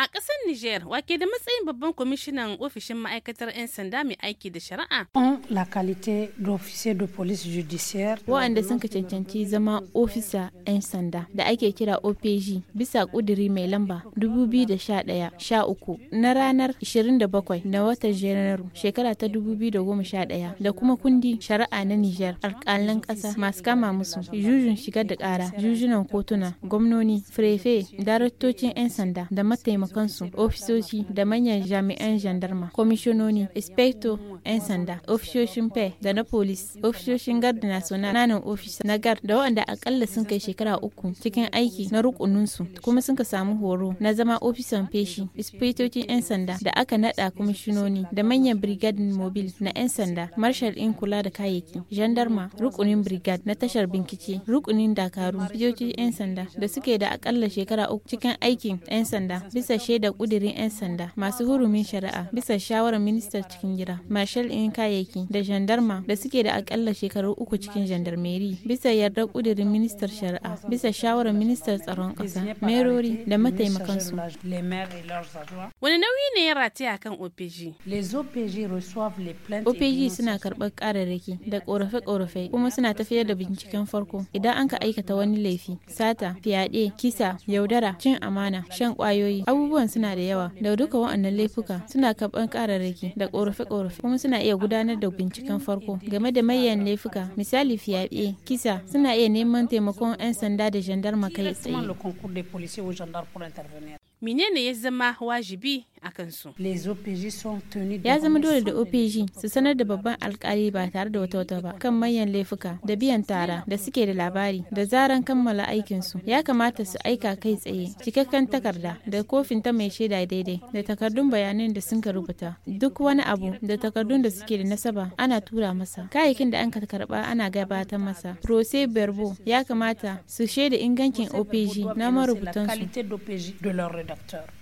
A ƙasar niger wake da matsayin babban kwamishinan ofishin ma'aikatar 'yan sanda mai aiki da shari'a. on la qualité d'officier de police judiciaire. Waɗanda sun ka cancanci zama ofisa 'yan sanda da ake kira OPG bisa ƙuduri mai lamba 2011-13 na ranar 27 na watan Janairu shekara ta 2011 da kuma kundi shari'a na niger. alƙalan ƙasa masu kama musu jujun shigar da ƙara jujunan kotuna gwamnoni firefe daraktocin 'yan sanda da mataimaka kansu ofisoshi da manyan jami'an jandarma kwamishinoni inspector 'yan sanda ofishoshin pe da na polis ofishoshin gard na nanan ofisa na gar da waɗanda akalla sun kai shekara uku cikin aiki na rukuninsu kuma sun ka samu horo na zama ofisan feshi ispitocin 'yan sanda da aka nada kwamishinoni da manyan brigadin mobil na 'yan sanda marshal in kula da kayayyaki gendarma rukunin brigade na tashar bincike rukunin dakaru fitocin 'yan sanda da suke da akalla shekara uku cikin aikin 'yan sanda bisa shaidar kudirin 'yan sanda masu hurumin shari'a bisa shawarar ministan cikin gida marshal in kayayyaki da jandarma da suke da akalla shekaru uku cikin jandarmeri bisa yardar kudirin ministar shari'a bisa shawarar ministar tsaron ƙasa merori da mataimakansu wani nauyi ne ya rataya kan opg opg suna karɓar ƙararraki da ƙorafe-ƙorafe kuma suna tafiyar da binciken farko idan an ka aikata wani laifi sata fyaɗe kisa yaudara cin amana shan ƙwayoyi abubuwan suna da yawa da duka waɗannan laifuka suna karɓar ƙararraki da ƙorafe-ƙorafe kuma suna iya gudanar da binciken farko game da mayan laifuka misali fiyaɓe kisa suna iya neman taimakon 'yan sanda da gendarma kai tsaye menene ya zama wajibi a kansu. Ya zama dole da OPG su sanar da babban alkali ba tare da wata wata ba kan manyan laifuka da biyan tara da suke da labari da zaran kammala aikinsu. Ya kamata su aika kai tsaye cikakken takarda da kofin ta mai shaida daidai da takardun bayanan da sun rubuta. Duk wani abu da takardun da suke da nasaba ana tura masa. Kayayyakin da an ka karba ana gabatar masa. Prose Berbo ya kamata su shaida ingancin OPG na marubutansu.